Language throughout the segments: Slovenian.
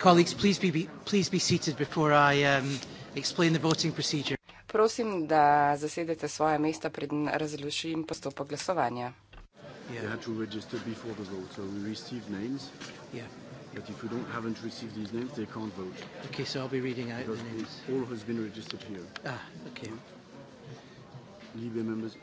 Colleagues, please be, be, please be seated before I um, explain the voting procedure. Prosim, da zasedete svoje mesta pred razlošim postopo glasovanja. Yeah. You had to register before the vote, so we received names. Yeah. But if you don't, haven't received these names, they can't vote. Okay, so I'll be reading out Because the names. All has been registered here. Ah, okay. Libya members,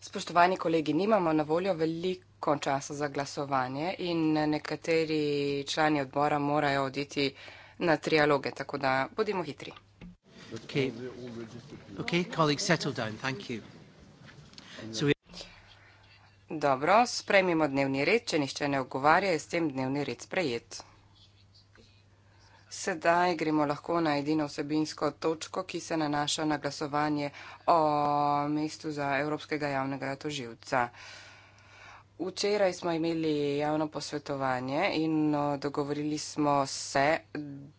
Spoštovani kolegi, nimamo na voljo veliko časa za glasovanje in nekateri člani odbora morajo oditi na trialoge, tako da bodimo hitri. Okay. Okay, Dobro, sprejmimo dnevni red, če nišče ne ogovarja, je s tem dnevni red sprejet. Sedaj gremo lahko na edino vsebinsko točko, ki se nanaša na glasovanje o mestu za Evropskega javnega toživca. Včeraj smo imeli javno posvetovanje in no, dogovorili smo se,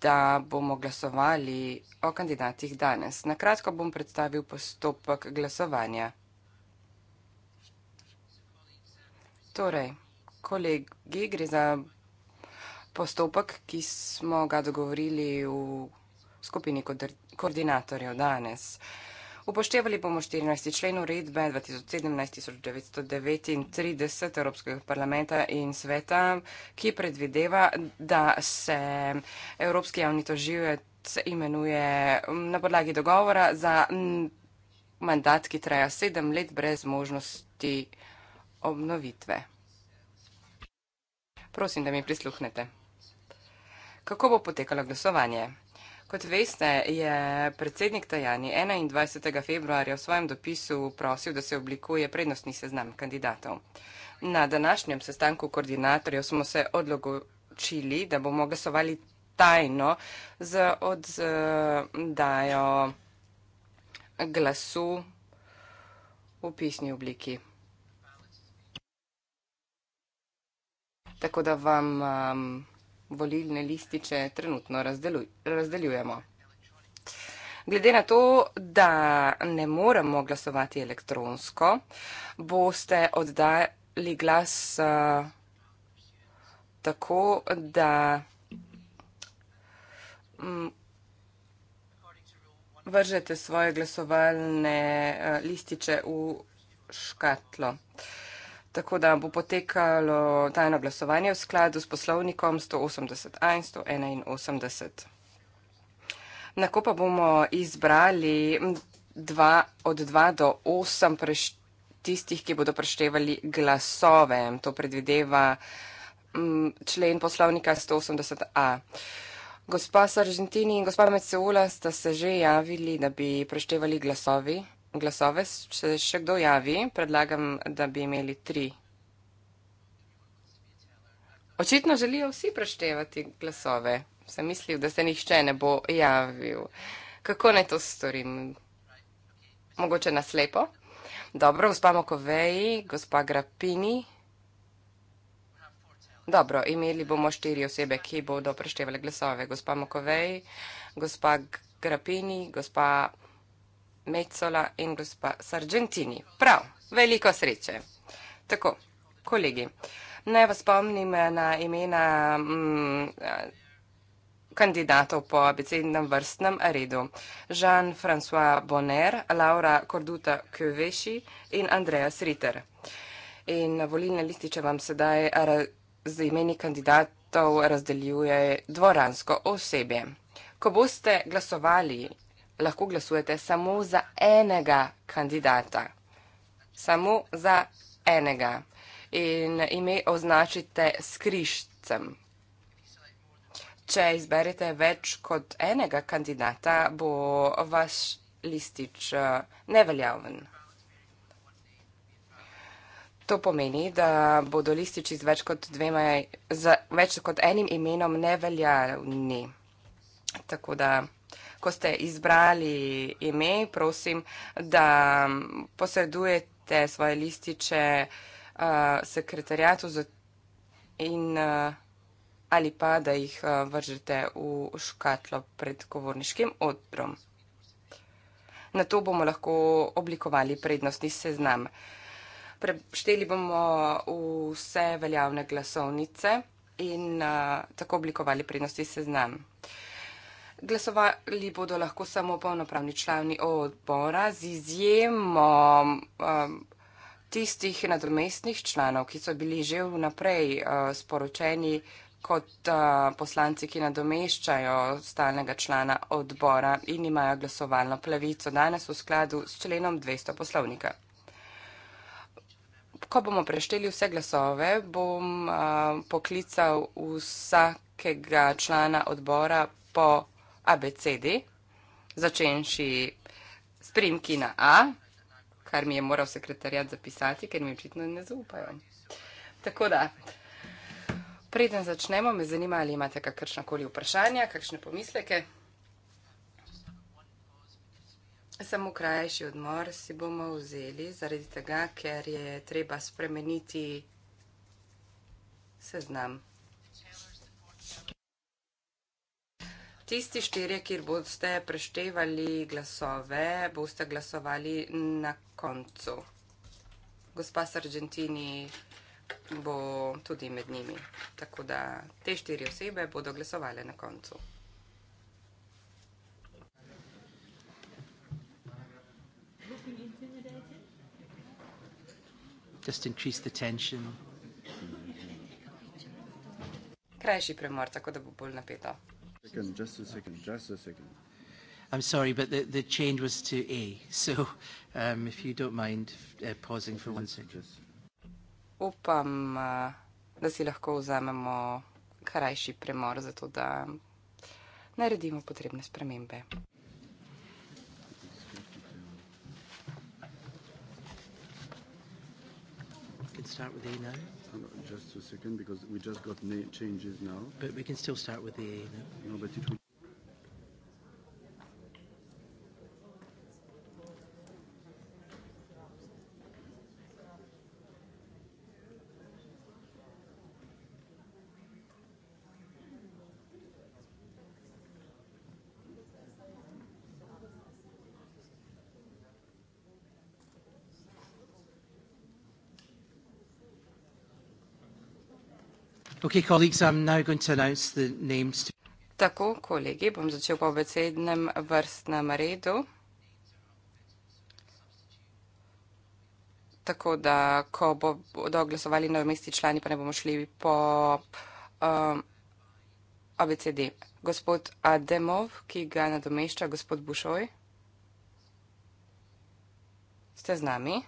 da bomo glasovali o kandidatih danes. Nakratko bom predstavil postopek glasovanja. Torej, kolegi, gre za postopek, ki smo ga dogovorili v skupini koordinatorjev danes. Upoštevali bomo 14. člen uredbe 2017-1939 Evropskega parlamenta in sveta, ki predvideva, da se Evropski javni toživec imenuje na podlagi dogovora za mandat, ki traja sedem let brez možnosti obnovitve. Prosim, da mi prisluhnete kako bo potekalo glasovanje. Kot veste, je predsednik Tajani 21. februarja v svojem dopisu prosil, da se oblikuje prednostni seznam kandidatov. Na današnjem sestanku koordinatorjev smo se odločili, da bomo glasovali tajno z oddajo glasu v pisni obliki. Tako da vam um, volilne lističe trenutno razdeljujemo. Glede na to, da ne moremo glasovati elektronsko, boste oddali glas tako, da mm, vržete svoje glasovalne eh, lističe v škatlo. Tako da bo potekalo tajno glasovanje v skladu s poslovnikom 180a in 181. Nako pa bomo izbrali dva, od 2 do 8 tistih, ki bodo preštevali glasove. To predvideva m, mm, člen poslovnika 180a. Gospa Saržentini in gospa Meceula sta se že javili, da bi preštevali glasovi glasove. Če še kdo javi, predlagam, da bi imeli tri. Očitno želijo vsi preštevati glasove. Sem mislil, da se nihče ne bo javil. Kako naj to storim? Mogoče naslepo? Dobro, gospa Mokovej, gospa Grapini. Dobro, imeli bomo štiri osebe, ki bodo preštevali glasove. Gospa Mokovej, gospa Grapini, gospa Mecola in gospa Sargentini. Prav, veliko sreče. Tako, kolegi, naj vas spomnim na imena mm, kandidatov po abecednem vrstnem redu. Jean-François Bonner, Laura Corduta Köveši in Andreas Ritter. In volilne lističe vam sedaj z imeni kandidatov razdeljuje dvoransko osebje. Ko boste glasovali lahko glasujete samo za enega kandidata. Samo za enega. In ime označite s križcem. Če izberete več kot enega kandidata, bo vaš listič eh, neveljaven. To pomeni, da bodo lističi z več kot, dvema, z več kot enim imenom neveljavni. Tako da ko ste izbrali ime, prosim, da posredujete svoje lističe uh, eh, sekretarjatu in uh, ali pa da jih uh, vržete v škatlo pred govorniškim odrom. Na to bomo lahko oblikovali prednostni seznam. Prešteli bomo vse veljavne glasovnice in uh, tako oblikovali prednostni seznam. Uh, Glasovali bodo lahko samo polnopravni člani odbora z izjemo um, tistih nadomestnih članov, ki so bili že vnaprej uh, sporočeni kot uh, poslanci, ki nadomeščajo stalnega člana odbora in imajo glasovalno plavico danes v skladu s členom 200 poslovnika. Ko bomo prešteli vse glasove, bom uh, poklical vsakega člana odbora po abecedi, začenši s primki na A, kar mi je moral sekretarjat zapisati, ker mi očitno ne zaupajo. Tako da, preden začnemo, me zanima, ali imate kakršnakoli vprašanja, kakšne pomisleke. Samo krajši odmor si bomo vzeli zaradi tega, ker je treba spremeniti seznam. tisti štirje, kjer boste preštevali glasove, boste glasovali na koncu. Gospa Sargentini bo tudi med njimi. Tako da te štiri osebe bodo glasovali na koncu. Just increase the tension. Krajši premor, tako da bo bolj napeto second, just a second, just a second. I'm sorry, but the, the change was to A. So um, if you don't mind uh, pausing for one second. Upam, uh, da si lahko vzamemo krajši premor, zato da naredimo potrebne spremembe. Start with A now. Just a second, because we just got changes now. But we can still start with the A. No, no but it will Tako, kolegi, bom začel po obecednem vrstnem redu. Tako da, ko bodo glasovali na mesti člani, pa ne bomo šli po um, ABCD. Gospod Ademov, ki ga nadomešča gospod Bušoj. Ste z nami?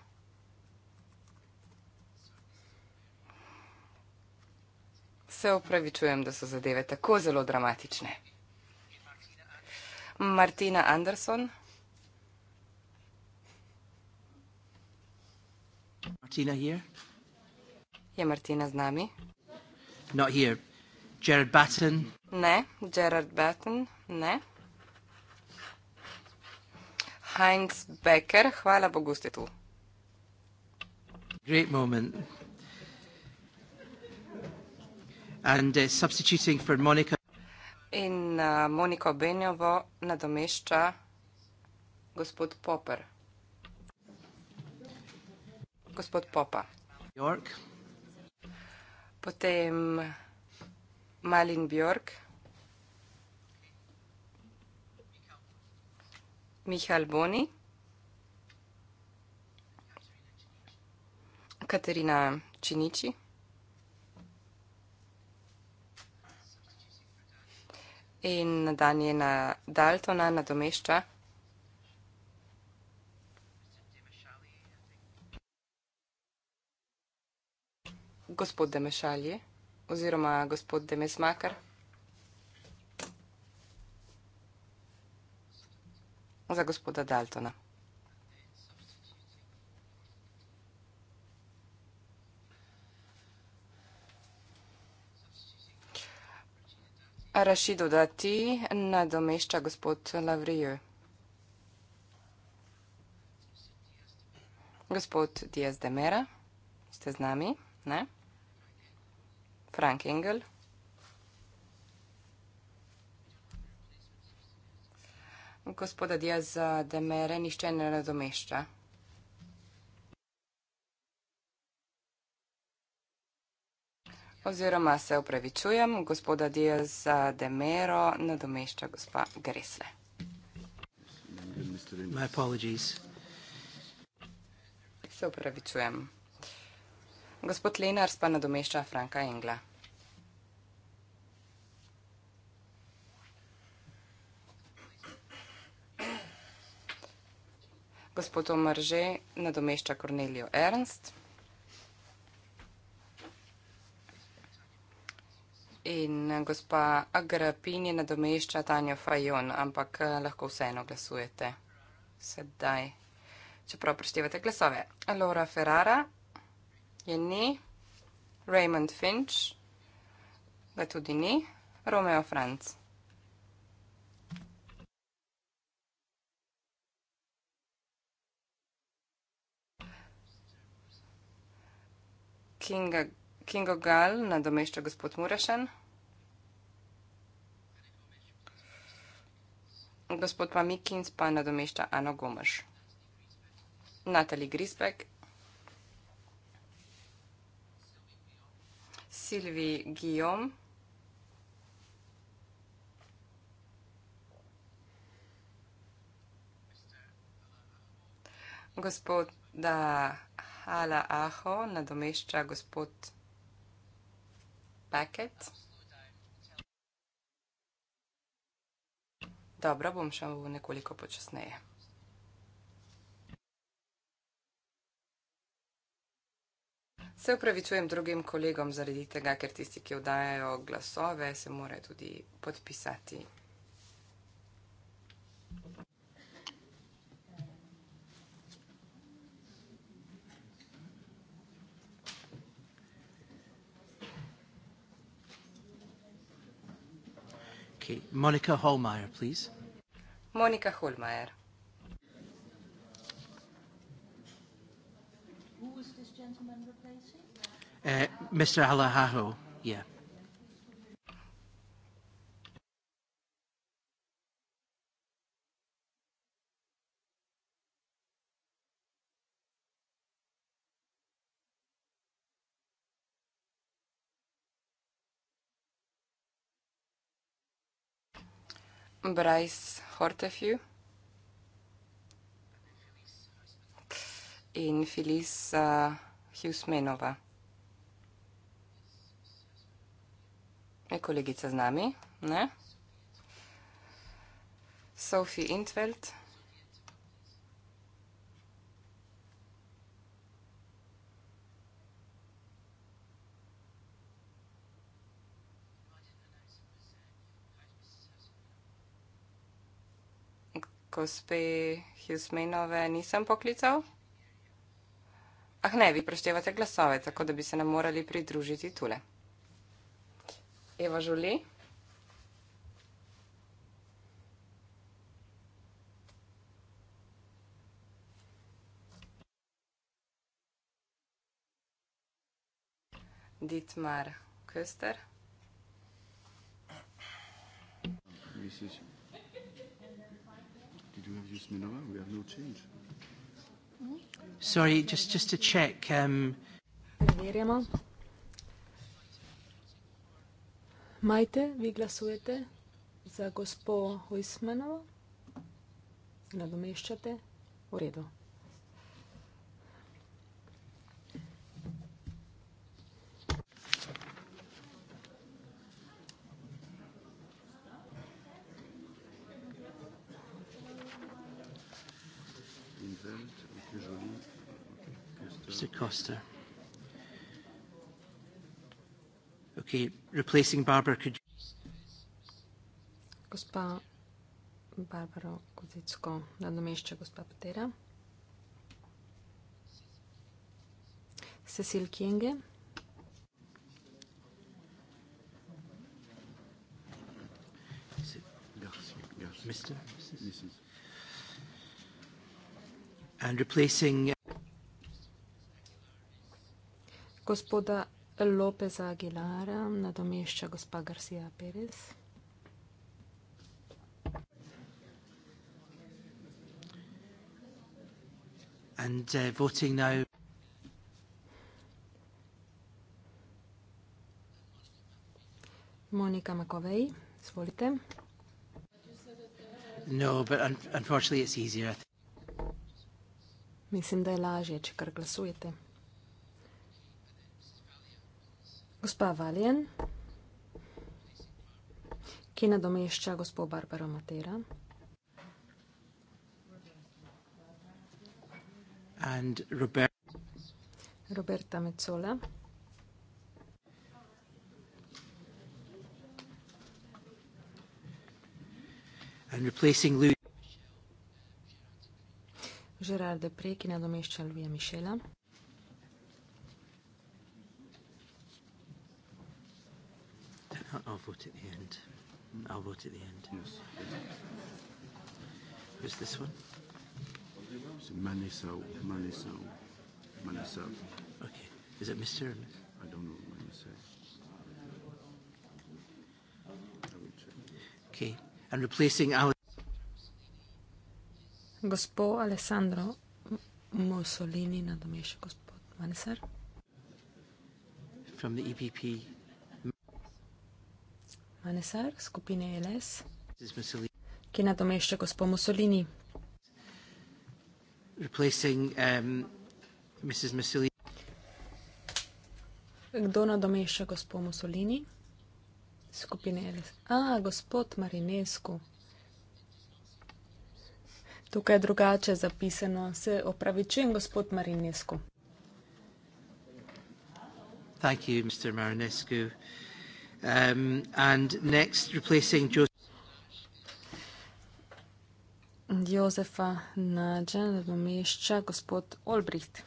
Se upravičujem, da so zadeve tako zelo dramatične. Martina Anderson. Martina je Martina z nami? Not here. Gerard Batten. Ne, Gerard Batten, ne. Heinz Becker, hvala Bogu, ste tu. Great moment. and uh, substituting for Monica. In uh, Monika Benjovo nadomešča gospod Popper. Gospod Popa. York. Potem Malin Bjork. Mihal Boni. Katerina Činiči. Katerina Činiči. in Daniela Daltona nadomešča. Gospod Demešalji oziroma gospod Demesmakar. Za gospoda Daltona. Rašido Dati nadomešča gospod Lavrijo. Gospod Diaz de Mera, ste z nami, ne? Frank Engel. Gospoda Diaz de Mere nišče ne nadomešča. oziroma se upravičujem, gospoda Diaz de Mero nadomešča gospa Gresle. My apologies. Se upravičujem. Gospod Lenars pa nadomešča Franka Engla. Gospod Omar že nadomešča Kornelijo Ernst. In gospa Agrapini nadomešča Tanjo Fajon, ampak eh, lahko vseeno glasujete sedaj, čeprav preštevate glasove. Laura Ferrara je ni, Raymond Finch ga tudi ni, Romeo Franz. Kinga Kingo Gal nadomešča gospod Murešen. Gospod pa Mikins pa nadomešča Ano Gomaš. Natalie Grisbeck. Silvi Gijom. Gospod da Hala Aho nadomešča gospod paket. Dobro, bom šel nekoliko počasneje. Se upravičujem drugim kolegom zaradi tega, ker tisti, ki oddajajo glasove, se morajo tudi podpisati Okay, Monica Holmeyer, please. Monica Holmeyer. Who is this gentleman replacing? Uh, Mr. Alahajo, yeah. Bryce Hortefew in Filiz uh, Husmenova. Je kolegica z nami, ne? Sophie Intveld. gospe Hjusmenove nisem poklical. Ah ne, vi preštevate glasove, tako da bi se nam morali pridružiti tule. Eva Žuli. Dietmar Köster. Wie ist es? do have used Minova. Oh, we have no change. Sorry, just to check. Um, Preverjamo. Majte, vi glasujete za gospo Huysmanovo? Nadomeščate? V redu. Minister. Okay, replacing Barbara, could Gospa Barbara Kozicko nadomešča gospa Petera. Cecil Kienge. Mr. And replacing Gospoda Lopeza Aguilara nadomešča gospa Garcia Perez. And, uh, voting now. Monika Makovej, izvolite. No, but un unfortunately it's easier. Mislim, da je lažje, če kar glasujete. Gospa Valjen, ki nadomešča gospo Barbaro Matera. And Robert... Roberta Mecola. And replacing Louis... Gerard Depre, ki nadomešča Louis Michela. vote at the end. I'll vote at the end. Yes. Who's this one? It's Manisau. Manisau. Manisau. Okay. Is it Mr. Or Ms.? I don't know what Manisau is. I will check. Okay. And replacing our. Gospod Alessandro Mussolini, nadomeša gospod Maneser. From the EPP. Manesar skupine LS, ki nadomešča gospo um, Mussolini. Kdo nadomešča gospo Mussolini? Skupine LS. A, gospod Marinescu. Tukaj je drugače zapisano. Se opravičujem, gospod Marinescu. Thank you, Mr. Marinescu um, and next replacing Joseph. Jozefa Nađa nadomešča gospod Olbricht.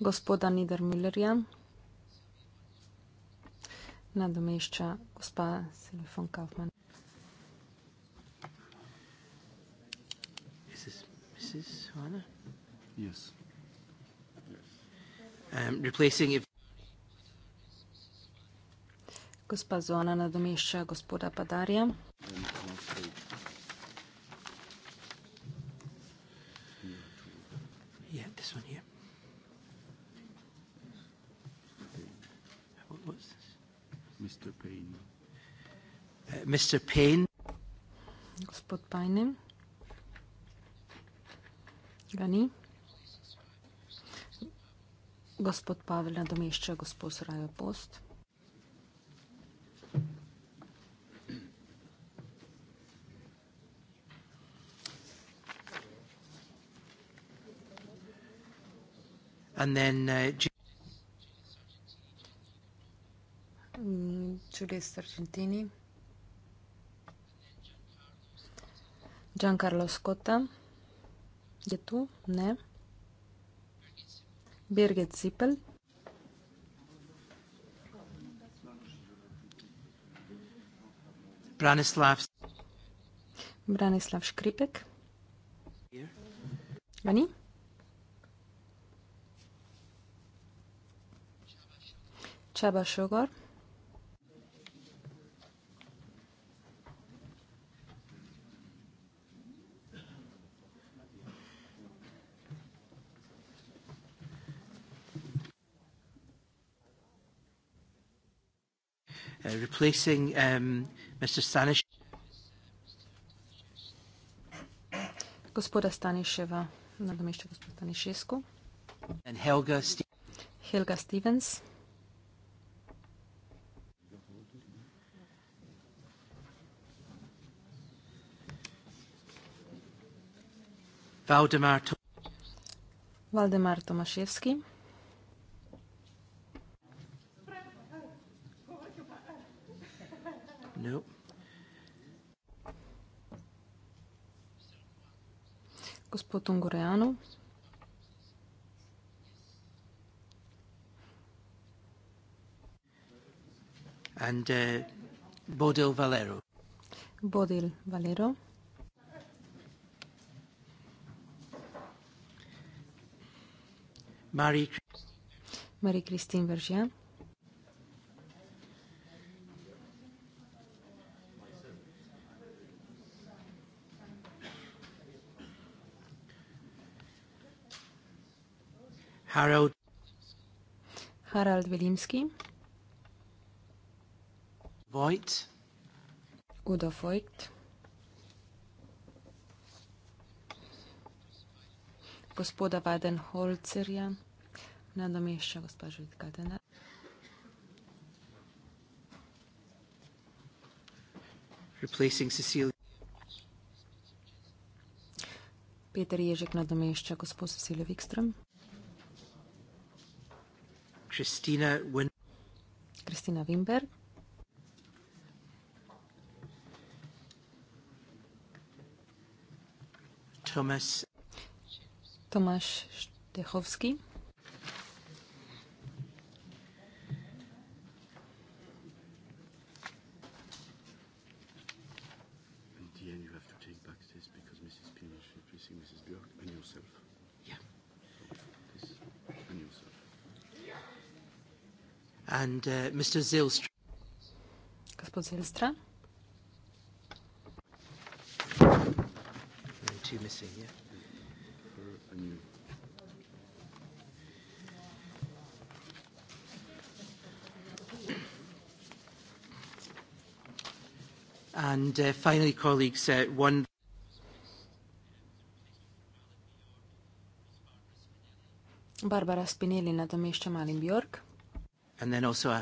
Gospoda Niedermüllerja nadomešča gospa Silifon Kaufmann. Is this Mrs. Hanna? Yes. Um, replacing it. Gospa Zona nadomešča gospoda Padarja. Mr. Uh, Payne. Gospod Pajne. Ga ni. Gospod Pavel nadomešča gospod Srajo Post. And then, uh, mm, Julius Argentini. Giancarlo Scotta. Je tu? Ne. Birgit Zippel. Branislav. Branislav Škripek. Vani. Čaba Šogor. Čaba Šogor. replacing um, Mr. Stanish. Gospoda Staniševa, nadomešča gospod Stanišesku. Helga, St Helga Stevens. Valdemar, Valdemar Tomaševski. Tom Gorejanov. And uh, Bodil Valero. Bodil Valero. Marie Christine Vergian. Harold. Harald Wilimski. Voigt. Udo Voigt. Gospoda Wadenholzerja nadomešča gospa Žudka Denar. Replacing Cecilia. Peter Ježek nadomešča gospod Cecilio Wikström. Christina Win Christina Wimberg. Thomas Tomasz Dechowski. and uh, Mr. Zilstra. Господин Зилстра. And uh, finally, colleagues, uh, one. Barbara Spinelli, Natomish Chamalin Bjork. Uh,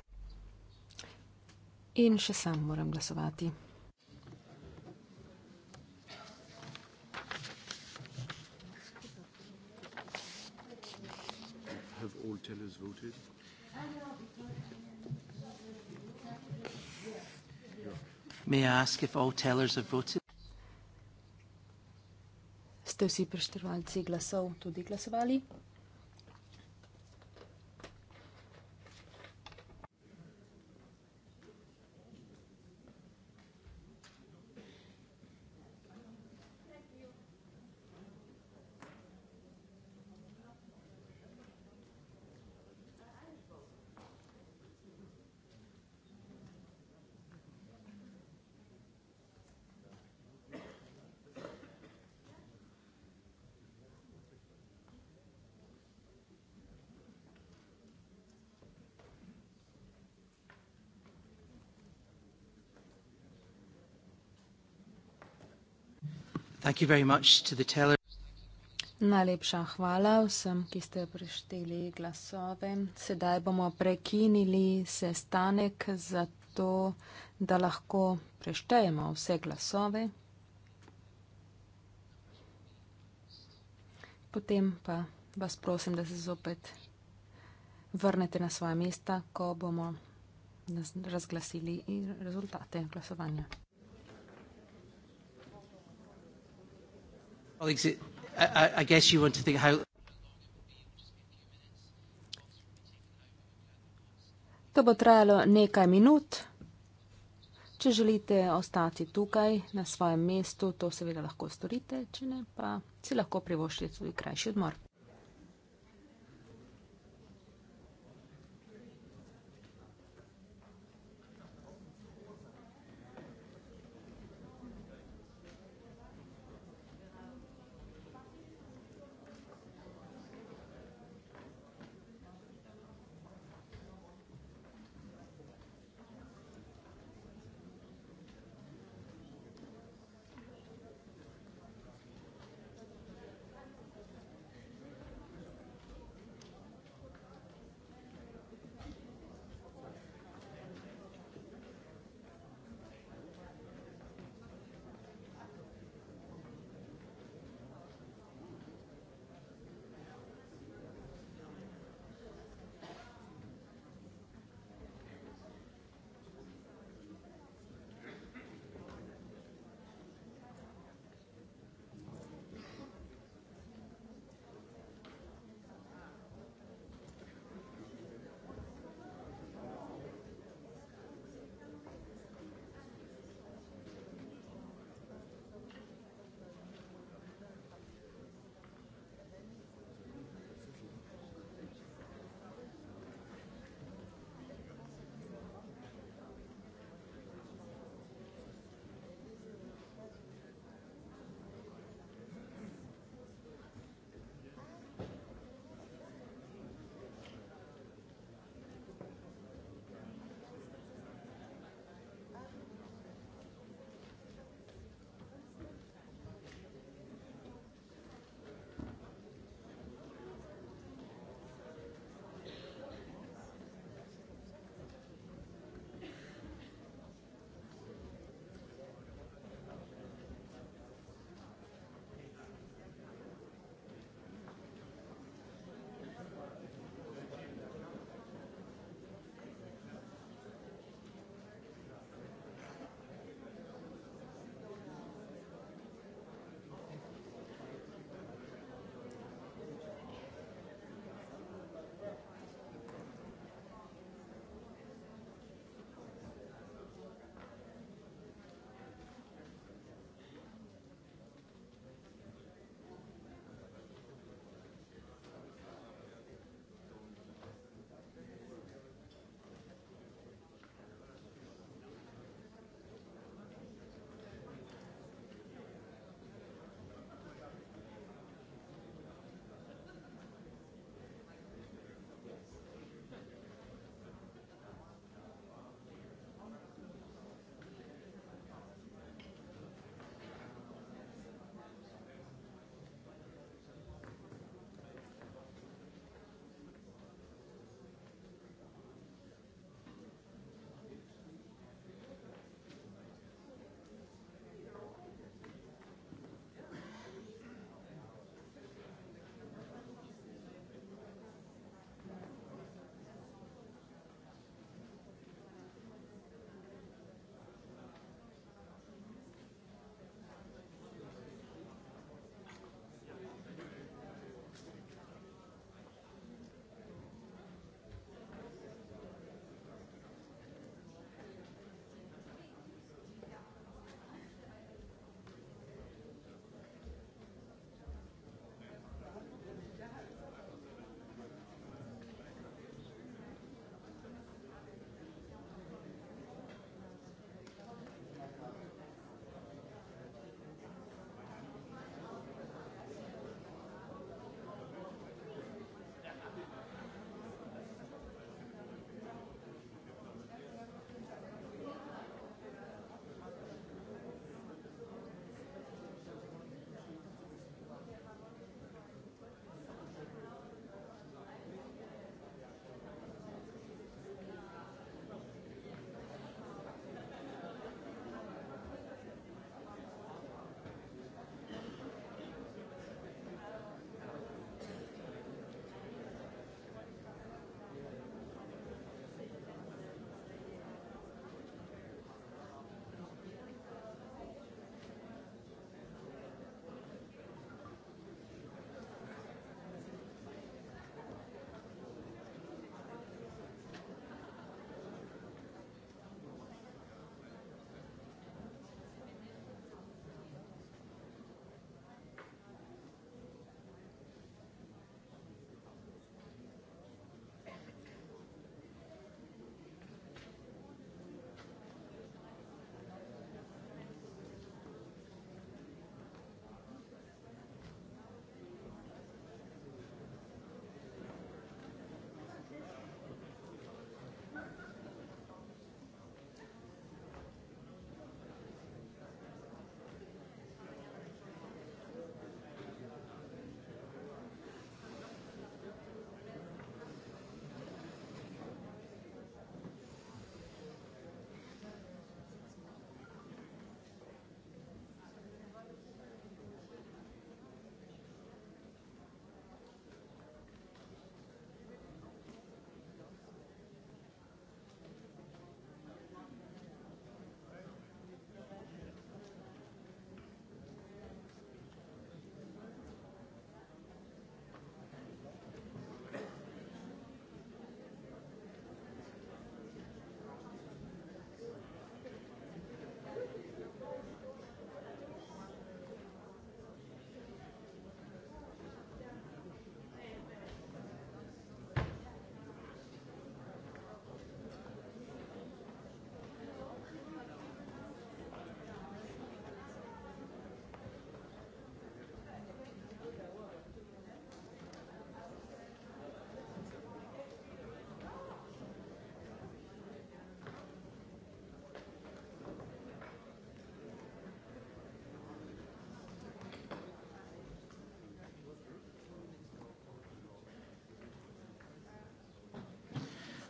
In še sam moram glasovati. May I ask if all tellers have voted? Ste vsi preštevalci glasov tudi glasovali? Najlepša hvala vsem, ki ste prešteli glasove. Sedaj bomo prekinili sestanek zato, da lahko preštejemo vse glasove. Potem pa vas prosim, da se zopet vrnete na svoje mesta, ko bomo razglasili rezultate glasovanja. Colleagues, I, I, I guess you want to think how. To bo trajalo nekaj minut. Če želite ostati tukaj na svojem mestu, to seveda lahko storite, če ne, pa si lahko privoščite tudi krajši odmor.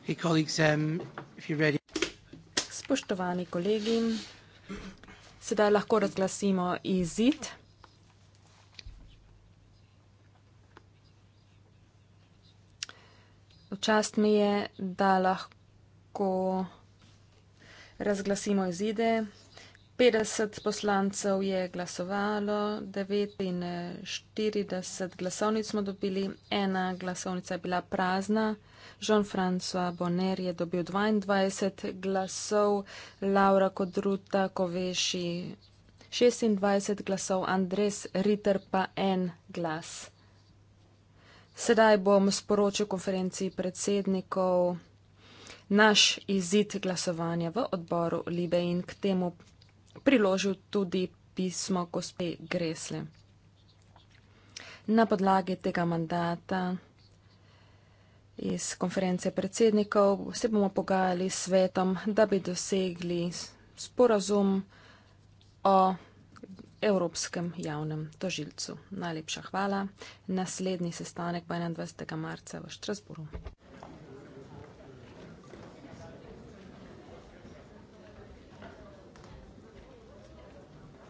Um, Spoštovani kolegi, sedaj lahko razglasimo izid. V čast mi je, da lahko razglasimo izide. 50 poslancev je glasovalo, 49 glasovnic smo dobili, ena glasovnica je bila prazna. Jean-François Bonner je dobil 22 glasov, Laura Kodruta Koveši 26 glasov, Andres Ritter pa en glas. Sedaj bom sporočil konferenciji predsednikov naš izid glasovanja v odboru Libe in k temu priložil tudi pismo gospe Gresle. Na podlagi tega mandata iz konference predsednikov se bomo pogajali s svetom, da bi dosegli sporazum o Evropskem javnem tožilcu. Najlepša hvala. Naslednji sestanek bo 21. marca v Štrasburu.